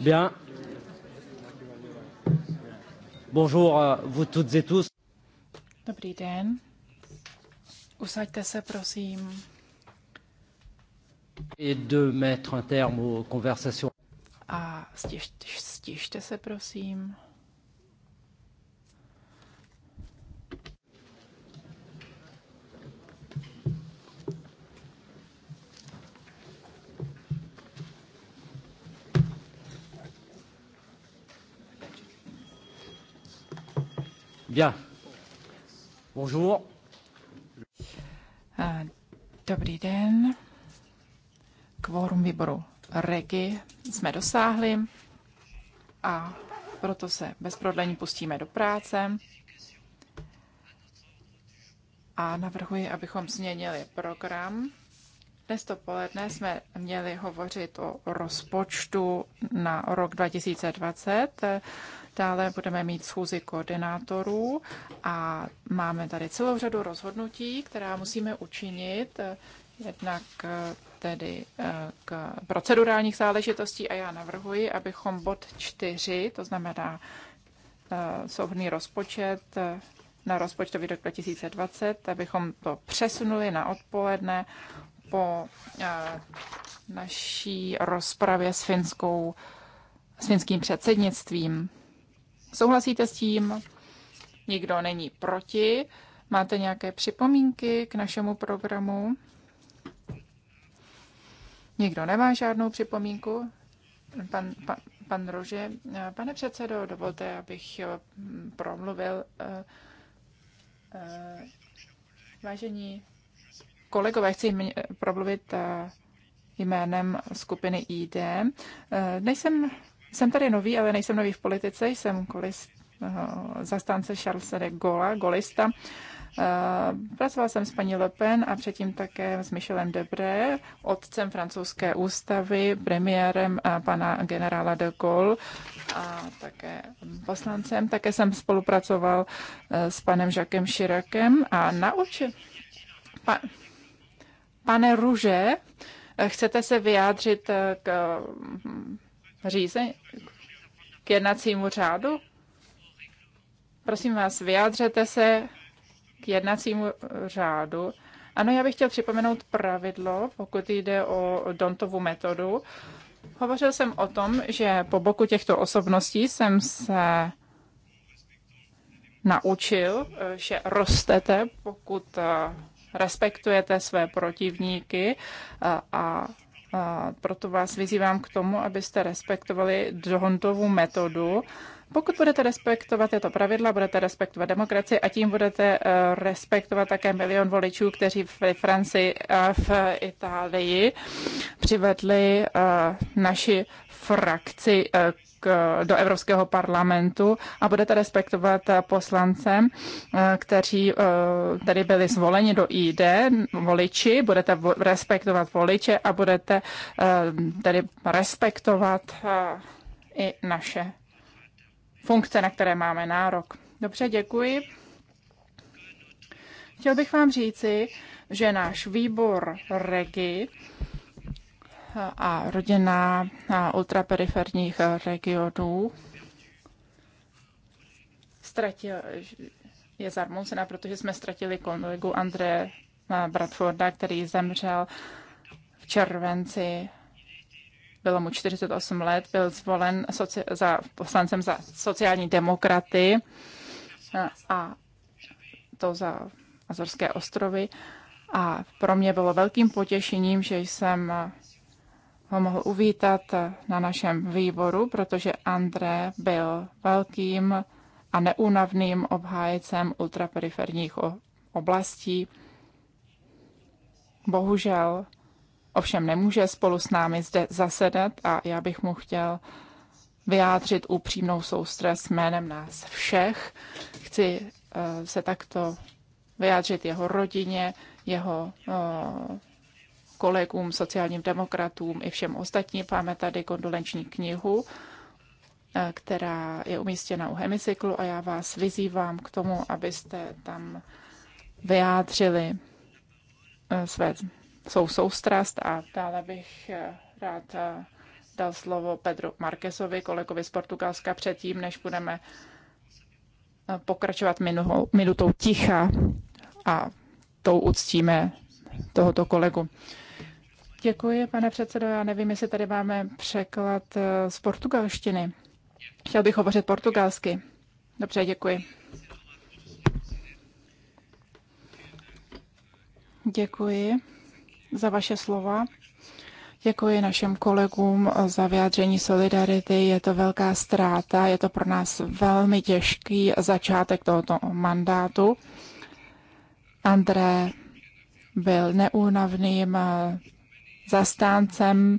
Bien. Bonjour vous toutes et tous. Dobrý den. Usaďte se, prosím. Et de mettre un terme aux conversations. A stiš, stište se, prosím. Bien. Bonjour. Eh, dobrý den. Kvórum výboru Regi jsme dosáhli a proto se bez prodlení pustíme do práce. A navrhuji, abychom změnili program. Dnes dopoledne jsme měli hovořit o rozpočtu na rok 2020. Dále budeme mít schůzi koordinátorů a máme tady celou řadu rozhodnutí, která musíme učinit eh, jednak eh, tedy eh, k procedurálních záležitostí a já navrhuji, abychom bod 4, to znamená souhrný rozpočet na rozpočtový rok 2020, abychom to přesunuli na odpoledne po naší rozpravě s finskou s finským předsednictvím. Souhlasíte s tím? Nikdo není proti. Máte nějaké připomínky k našemu programu? Nikdo nemá žádnou připomínku? Pan, pan, pan Rože, pane předsedo, dovolte, abych eh, promluvil. Eh, eh, vážení kolegové, chci promluvit jménem skupiny ID. Nejsem jsem tady nový, ale nejsem nový v politice, jsem kolist, eh, zastánce Charlesa de Gaulle, golista. Eh, pracoval jsem s paní Le Pen a předtím také s Michelem Debré, otcem francouzské ústavy, premiérem eh, pana generála de Gaulle a také poslancem. Také jsem spolupracoval s panem Žakem Širakem a naučil... Pa, pane Ruže, chcete se vyjádřit k hm, řízení k jednacímu řádu? Prosím vás, vyjádřete se k jednacímu řádu. Ano, já bych chtěl připomenout pravidlo, pokud jde o Dontovu metodu. Hovořil jsem o tom, že po boku těchto osobností jsem se naučil, že rostete, pokud respektujete své protivníky a proto vás vyzývám k tomu, abyste respektovali Dohontovu metodu pokud budete respektovat tyto pravidla, budete respektovat demokracii a tím budete eh, respektovat také milion voličů, kteří v Francii a v Itálii přivedli eh, naši frakci eh, k, do Evropského parlamentu a budete respektovat poslance, kteří tady byli zvoleni do ID, voliči, budete respektovat voliče a budete tedy respektovat i naše funkce, na které máme nárok. Dobře, děkuji. Chtěl bych vám říci, že náš výbor REGI a rodina ultraperiferních regionů ztratil, je zarmoucená, protože jsme ztratili kolegu André Bradforda, který zemřel v červenci bylo mu 48 let, byl zvolen za poslancem za sociální demokraty a to za Azorské ostrovy. A pro mě bylo velkým potěšením, že jsem ho mohl uvítat na našem výboru, protože André byl velkým a neúnavným obhájecem ultraperiferních oblastí. Bohužel ovšem nemůže spolu s námi zde zasedat a já bych mu chtěl vyjádřit upřímnou soustrast jménem nás všech. Chci eh, se takto vyjádřit jeho rodině, jeho eh, kolegům, sociálním demokratům i všem ostatním. Máme tady kondolenční knihu, eh, která je umístěna u hemicyklu a já vás vyzývám k tomu, abyste tam vyjádřili své svou soustrast a dále bych eh, rád eh, dal slovo Pedro Marquezovi, kolegovi z Portugalska, předtím, než budeme eh, pokračovat minutou, minutou ticha a tou uctíme tohoto kolegu. Děkuji, pane předsedo. Já nevím, jestli tady máme překlad z portugalštiny. Chtěl bych hovořit portugalsky. Dobře, děkuji. Děkuji za vaše slova. Děkuji našim kolegům za vyjádření solidarity. Je to velká ztráta, je to pro nás velmi těžký začátek tohoto mandátu. André byl neúnavným eh, zastáncem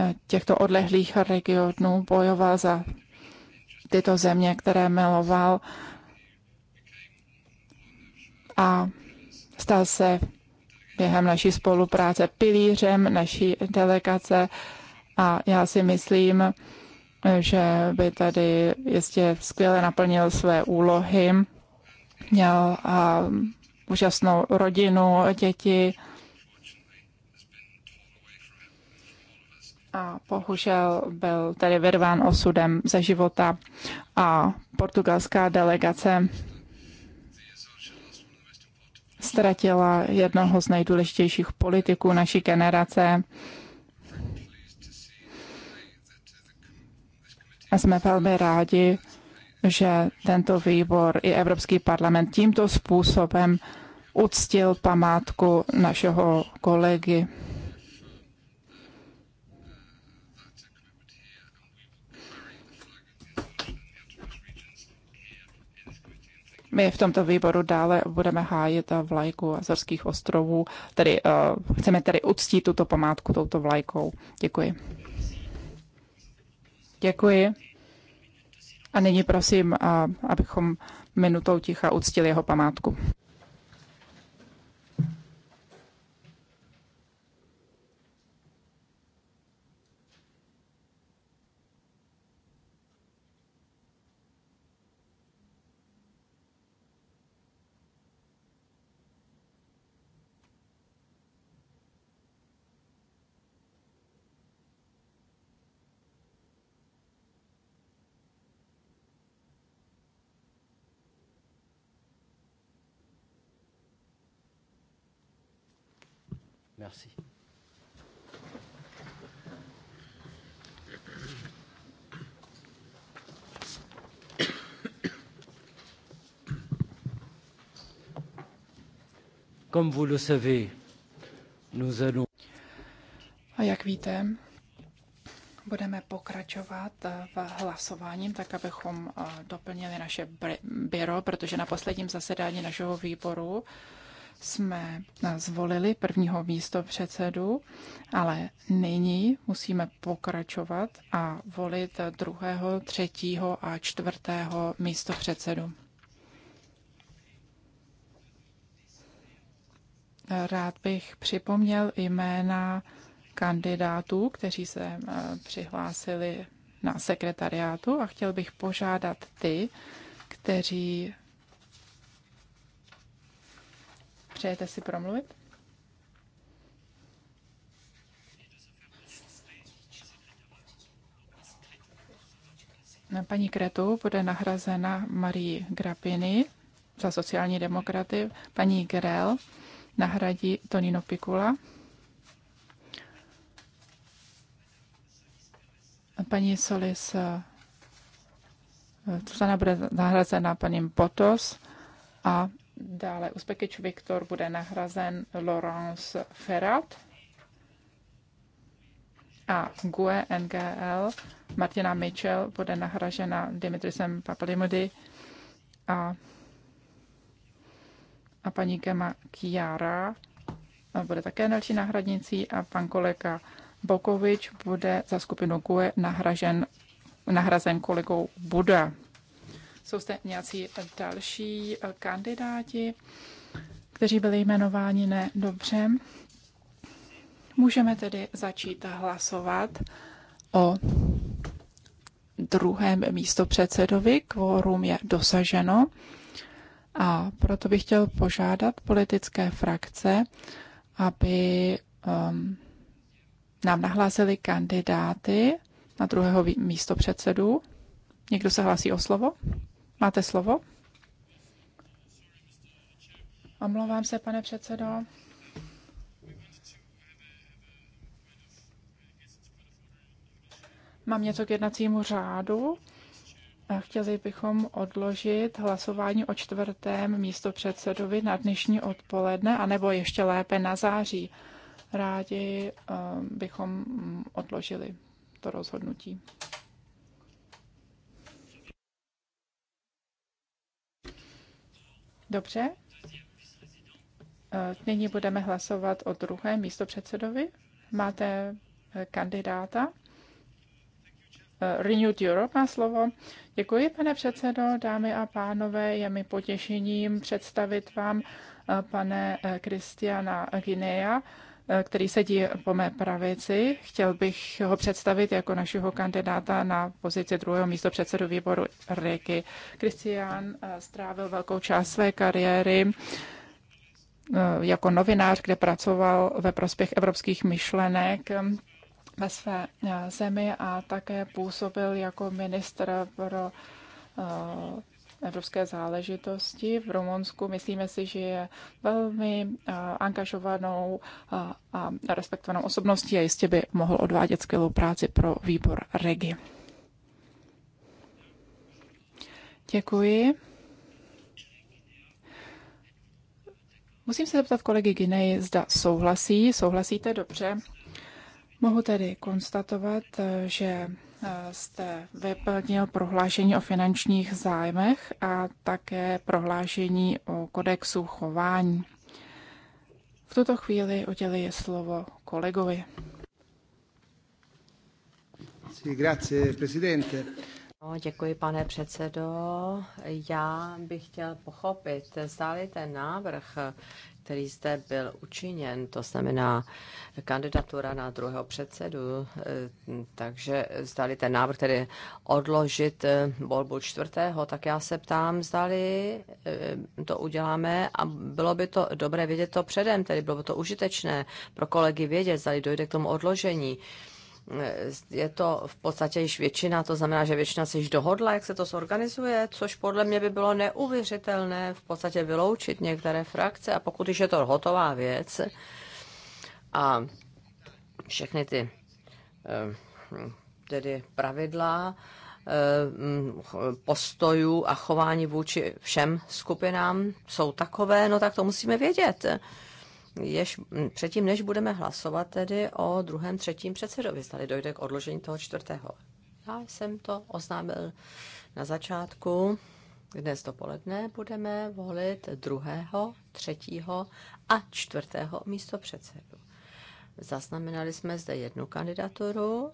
eh, těchto odlehlých regionů, bojoval za tyto země, které miloval a stal se během naší spolupráce pilířem naší delegace a já si myslím, že by tady jistě skvěle naplnil své úlohy, měl a úžasnou rodinu, děti. A bohužel byl tedy vyrván osudem ze života a portugalská delegace ztratila jednoho z nejdůležitějších politiků naší generace. A jsme velmi rádi, že tento výbor i Evropský parlament tímto způsobem uctil památku našeho kolegy. My v tomto výboru dále budeme hájit eh, vlajku Azorských ostrovů, tedy uh, chceme tedy uctít tuto památku touto vlajkou. Děkuji. Děkuji. A nyní prosím, uh, abychom minutou ticha uctili jeho památku. Merci. Comme vous le savez, nous allons... A jak víte, budeme pokračovat eh, v hlasováním, tak abychom eh, doplnili naše byro, protože na posledním zasedání našeho výboru jsme eh, zvolili prvního místo předsedu, ale nyní musíme pokračovat a volit druhého, třetího a čtvrtého místo předsedu. Rád bych připomněl jména kandidátů, kteří se eh, přihlásili na sekretariátu a chtěl bych požádat ty, kteří Přejete si promluvit? Paní Kretu bude nahrazena Marie Grapiny za sociální demokraty. Paní Grel nahradí Tonino Pikula. Paní Solis Susana eh, bude nahrazena paním Potos a Dále Uzbekič Viktor bude nahrazen Laurence Ferrat a GUE NGL Martina Mitchell bude nahražena Dimitrisem Papalimudy a, a paní Gema Kiara bude také další náhradnicí a pan kolega Bokovič bude za skupinu GUE nahražen, nahrazen kolegou Buda. Jsou zde nějací další eh, kandidáti, kteří byli jmenováni ne dobře. Můžeme tedy začít hlasovat o druhém místopředsedovi. Kvórum je dosaženo. A proto bych chtěl požádat politické frakce, aby um, nám nahlásili kandidáty na druhého místo předsedu. Někdo se hlásí o slovo? Máte slovo? Omlouvám se, pane předsedo. Mám něco k jednacímu řádu. Chtěli bychom odložit hlasování o čtvrtém místo předsedovi na dnešní odpoledne, anebo ještě lépe na září. Rádi ehm, bychom odložili to rozhodnutí. Dobře. Eh, nyní budeme hlasovat o druhém místopředsedovi. Máte eh, kandidáta? Eh, Renewed Europe má slovo. Děkuji, pane předsedo, dámy a pánové, je mi potěšením představit vám pane Kristiana Guinea, Eh, který sedí po mé pravici. Chtěl bych ho představit jako našeho kandidáta na pozici druhého místo předsedu výboru Riky. Kristián eh, strávil velkou část své kariéry eh, jako novinář, kde pracoval ve prospěch evropských myšlenek ve své zemi a také působil jako ministr pro evropské záležitosti v Rumunsku. Myslíme si, že je velmi angažovanou a respektovanou osobností a jistě by mohl odvádět skvělou práci pro výbor Regi. Děkuji. Musím se zeptat kolegy Ginej, zda souhlasí. Souhlasíte dobře. Mohu tedy konstatovat, že jste vyplnil prohlášení o finančních zájmech a také prohlášení o kodexu chování. V tuto chvíli uděluji slovo kolegovi. Sí, grazie, presidente. No, děkuji, pane předsedo. Já bych chtěl pochopit, zdáli ten návrh, který zde byl učiněn, to znamená kandidatura na druhého předsedu, takže zdáli ten návrh tedy odložit volbu čtvrtého, tak já se ptám, zdáli eh, to uděláme a bylo by to dobré vědět to předem, tedy bylo by to užitečné pro kolegy vědět, zdali dojde k tomu odložení. Eh, je to v podstatě již většina, to znamená, že většina se již dohodla, jak se to zorganizuje, což podle mě by bylo neuvěřitelné v podstatě vyloučit některé frakce a pokud již je to hotová věc a všechny ty eh, tedy pravidla, eh, postojů a chování vůči všem skupinám jsou takové, no tak to musíme vědět jež, předtím, než budeme hlasovat tedy o druhém, třetím předsedovi, tady dojde k odložení toho čtvrtého. Já jsem to oznámil na začátku. Dnes dopoledne budeme volit druhého, třetího a čtvrtého místo předsedu. Zaznamenali jsme zde jednu kandidaturu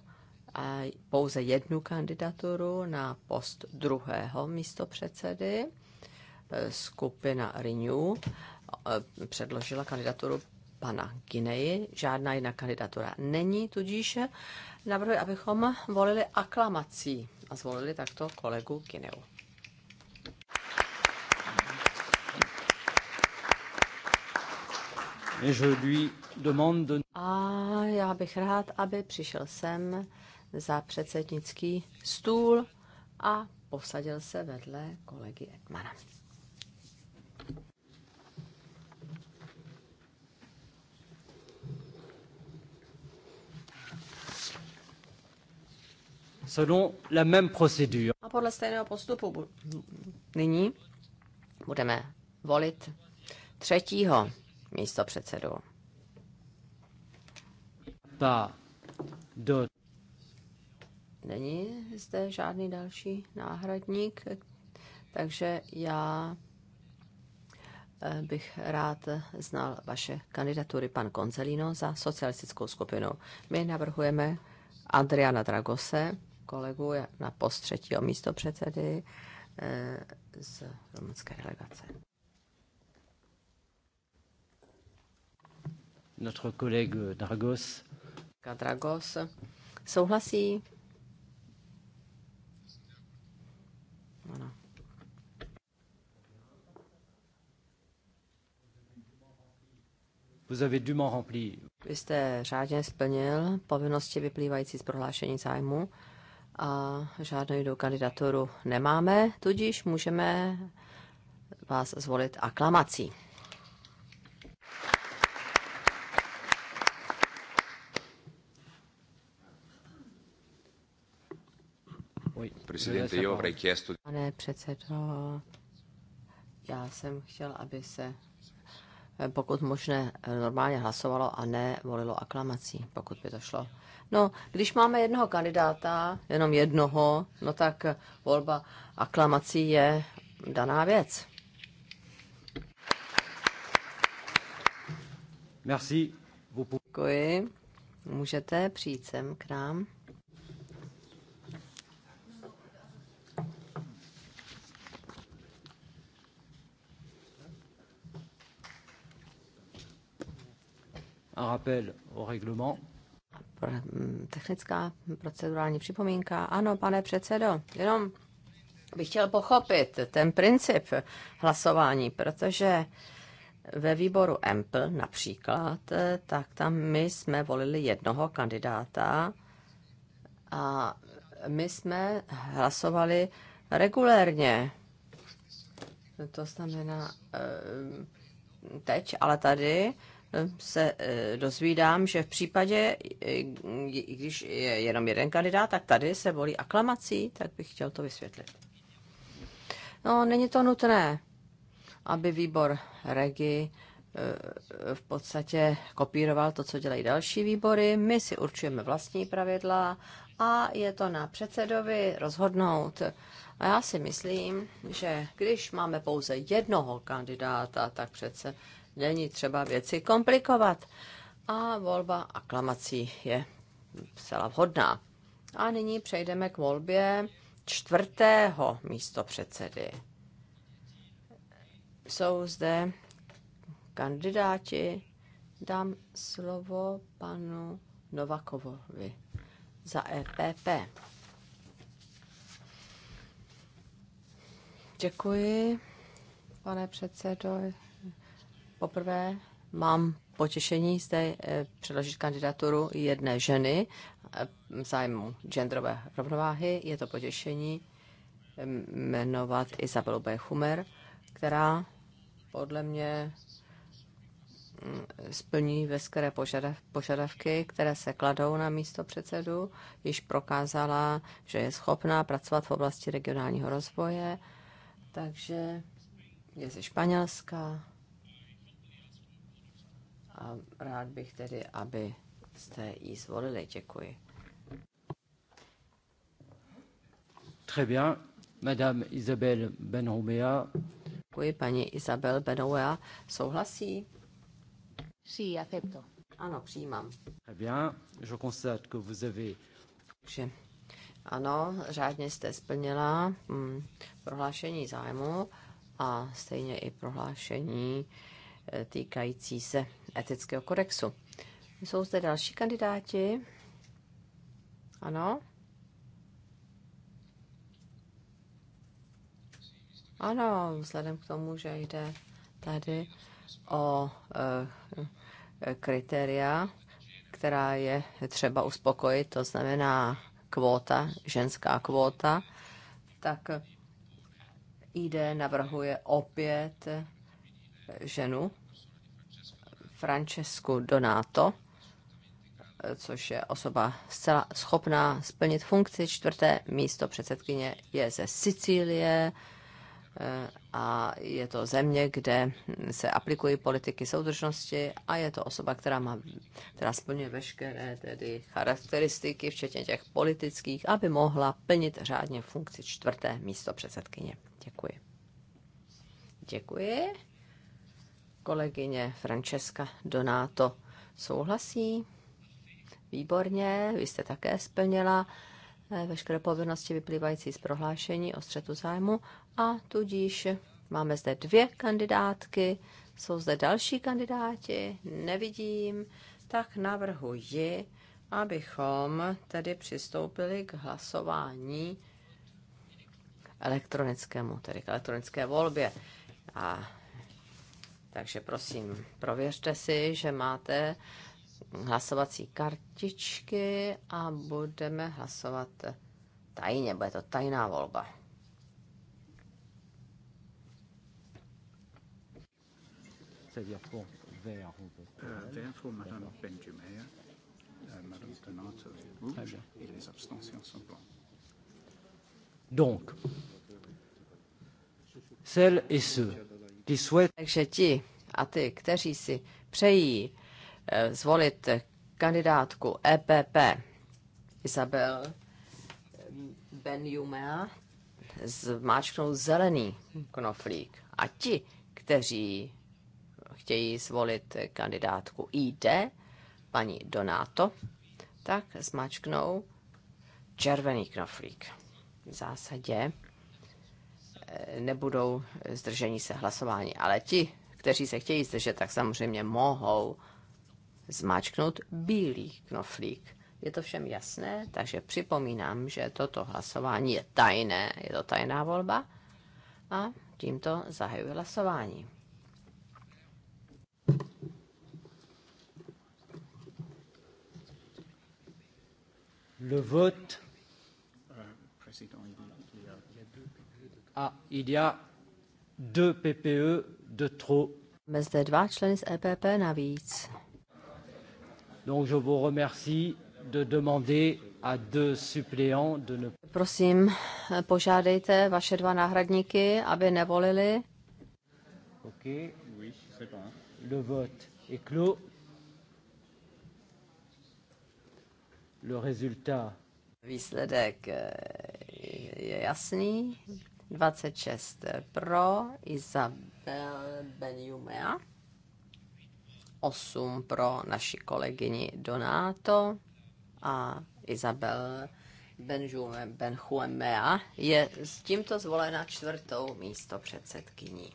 a pouze jednu kandidaturu na post druhého místo předsedy e, skupina Renew Eh, předložila kandidaturu pana Gineji. Žádná jiná kandidatura není, tudíž navrhuji, abychom volili aklamací a zvolili takto kolegu Gineu. A já bych rád, aby přišel sem za předsednický stůl a posadil se vedle kolegy Edmana. selon la même procédure. A podle stejného postupu nyní budeme volit třetího místo předsedu. Pa, do. Není zde žádný další náhradník, takže já eh, bych rád znal vaše kandidatury, pan Konzelino, za socialistickou skupinu. My navrhujeme Adriana Dragose kolegu na post třetího místo předsedy eh, z rumunské delegace. Notre collègue Dragos. Dragos souhlasí. Ano. Vous avez dûment rempli. Vy jste řádně splnil povinnosti vyplývající z prohlášení zájmu a žádnou jinou kandidaturu nemáme, tudíž můžeme vás zvolit aklamací. Pane předsedo, já jsem chtěl, aby se pokud možné normálně hlasovalo a ne volilo aklamací, pokud by to šlo. No, když máme jednoho kandidáta, jenom jednoho, no tak volba aklamací je daná věc. Merci. Děkuji. Můžete přijít sem k nám. un rappel au règlement. Technická procedurální připomínka. Ano, pane předsedo, jenom bych chtěl pochopit ten princip hlasování, protože ve výboru EMPL například, eh, tak tam my jsme volili jednoho kandidáta a my jsme hlasovali regulérně. To znamená eh, teď, ale tady se eh, dozvídám, že v případě, eh, když je jenom jeden kandidát, tak tady se volí aklamací, tak bych chtěl to vysvětlit. No, není to nutné, aby výbor Regi eh, v podstatě kopíroval to, co dělají další výbory. My si určujeme vlastní pravidla a je to na předsedovi rozhodnout. A já si myslím, že když máme pouze jednoho kandidáta, tak přece není třeba věci komplikovat. A volba aklamací je celá vhodná. A nyní přejdeme k volbě čtvrtého místo předsedy. Jsou zde kandidáti. Dám slovo panu Novakovovi za EPP. Děkuji, pane předsedo. Poprvé mám potěšení zde eh, předložit kandidaturu jedné ženy eh, v zájmu genderové rovnováhy. Je to potěšení mm, jmenovat Isabelu B. Humer, která podle mě mm, splní veškeré požadav, požadavky, které se kladou na místo předsedu, již prokázala, že je schopná pracovat v oblasti regionálního rozvoje, takže je ze Španělska, a rád bych tedy, aby jste ji zvolili. Děkuji. Très bien. Madame Isabelle Benhomea. Děkuji, paní Isabel Benhomea. Souhlasí? Sí, acepto. Ano, přijímám. Très bien. Je constate que vous avez... Že ano, řádně jste splnila hm, prohlášení zájmu a stejně i prohlášení eh, týkající se etického kodexu. Jsou zde další kandidáti? Ano? Ano, vzhledem k tomu, že jde tady o e, kritéria, která je třeba uspokojit, to znamená kvóta, ženská kvóta, tak ID navrhuje opět ženu Francesku Donato, což je osoba zcela schopná splnit funkci. Čtvrté místo předsedkyně je ze Sicílie eh, a je to země, kde se aplikují politiky soudržnosti a je to osoba, která, má, která splňuje veškeré tedy charakteristiky, včetně těch politických, aby mohla plnit řádně funkci čtvrté místo předsedkyně. Děkuji. Děkuji. Kolegyně Francesca Donato souhlasí. Výborně, vy jste také splněla eh, veškeré povinnosti vyplývající z prohlášení o střetu zájmu a tudíž máme zde dvě kandidátky, jsou zde další kandidáti, nevidím, tak navrhuji, abychom tedy přistoupili k hlasování elektronickému, tedy k elektronické volbě. A takže prosím, prověřte si, že máte hlasovací kartičky a budeme hlasovat tajně, bude to tajná volba. Donc, celles et ceux takže ti a ty, kteří si přejí eh, zvolit kandidátku EPP Isabel eh, Benjumea, zmáčknou zelený knoflík. A ti, kteří chtějí zvolit kandidátku ID, paní Donato, tak zmáčknou červený knoflík. V zásadě nebudou zdržení se hlasování. Ale ti, kteří se chtějí zdržet, tak samozřejmě mohou zmáčknout bílý knoflík. Je to všem jasné, takže připomínám, že toto hlasování je tajné, je to tajná volba a tímto zahajuji hlasování. Le vote. Uh, a il y a deux PPE de trop. Máme zde dva členy z EPP navíc. Donc je vous remercie de demander à deux suppléants de ne... Prosím, požádejte vaše dva náhradníky, aby nevolili. OK. Oui, c'est bon. Le vote est clos. Le résultat. Výsledek eh, je jasný. 26 eh, pro Isabel Benjumea, 8 pro naši kolegyni Donato a Isabel Benjume Benjumea je s tímto zvolena čtvrtou místo předsedkyní.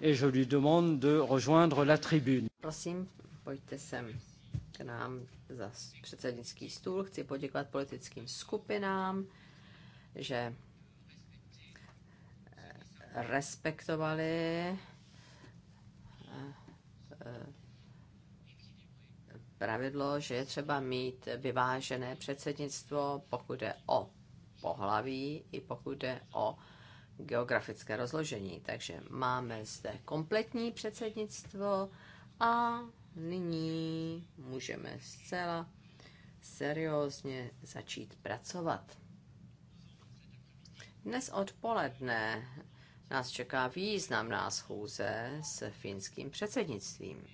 Et je lui demande de rejoindre la tribune. Prosím, pojďte sem k nám za předsednický stůl. Chci poděkovat politickým skupinám, že eh, respektovali eh, pravidlo, že je třeba mít vyvážené předsednictvo, pokud je o pohlaví i pokud je o geografické rozložení. Takže máme zde kompletní předsednictvo a nyní můžeme zcela seriózně začít pracovat. Dnes odpoledne nás čeká významná schůze s finským předsednictvím.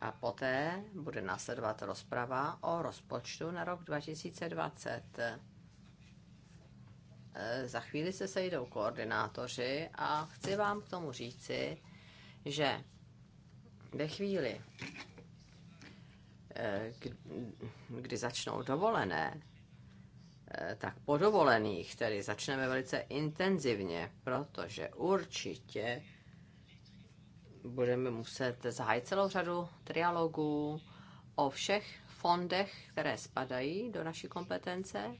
A poté bude následovat rozprava o rozpočtu na rok 2020. Za chvíli se sejdou koordinátoři a chci vám k tomu říci, že ve chvíli, eh, kdy začnou dovolené, eh, tak po dovolených tedy začneme velice intenzivně, protože určitě budeme muset zahájit celou řadu trialogů o všech fondech, které spadají do naší kompetence,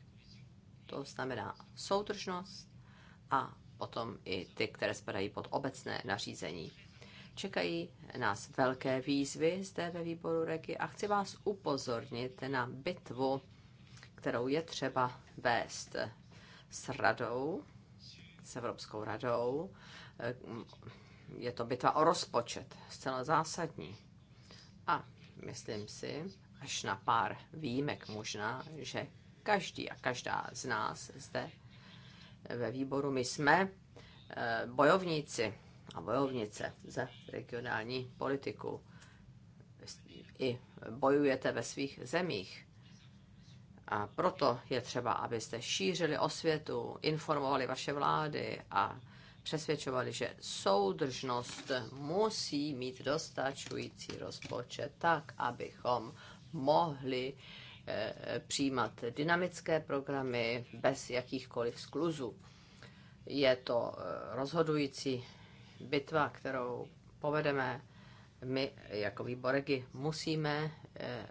to znamená soudržnost a potom i ty, které spadají pod obecné nařízení. Čekají nás velké výzvy zde ve výboru Regi a chci vás upozornit na bitvu, kterou je třeba vést s radou, s Evropskou radou. Je to bitva o rozpočet, zcela zásadní. A myslím si, až na pár výjimek možná, že každý a každá z nás zde ve výboru my jsme eh, bojovníci a bojovnice za regionální politiku. I bojujete ve svých zemích. A proto je třeba, abyste šířili osvětu, informovali vaše vlády a přesvědčovali, že soudržnost musí mít dostačující rozpočet tak, abychom mohli eh, přijímat dynamické programy bez jakýchkoliv skluzů. Je to eh, rozhodující bitva, kterou povedeme my jako výboregy, musíme eh,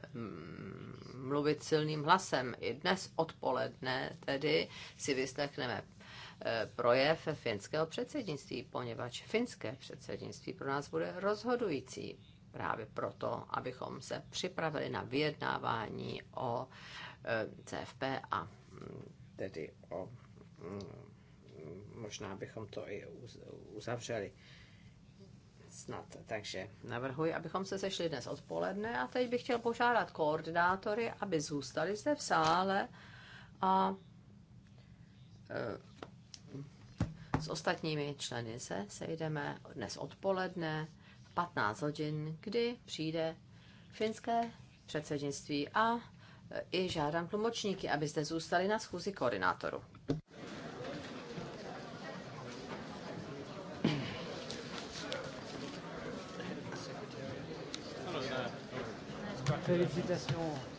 mluvit silným hlasem. I dnes odpoledne tedy si vyslechneme eh, projev finského předsednictví, poněvadž finské předsednictví pro nás bude rozhodující právě proto, abychom se připravili na vyjednávání o eh, CFP a tedy o možná bychom to i uzavřeli snad. Takže navrhuji, abychom se sešli dnes odpoledne a teď bych chtěl požádat koordinátory, aby zůstali zde v sále a eh, s ostatními členy se sejdeme dnes odpoledne v 15 hodin, kdy přijde finské předsednictví a eh, i žádám tlumočníky, aby zde zůstali na schůzi koordinátoru. Félicitations.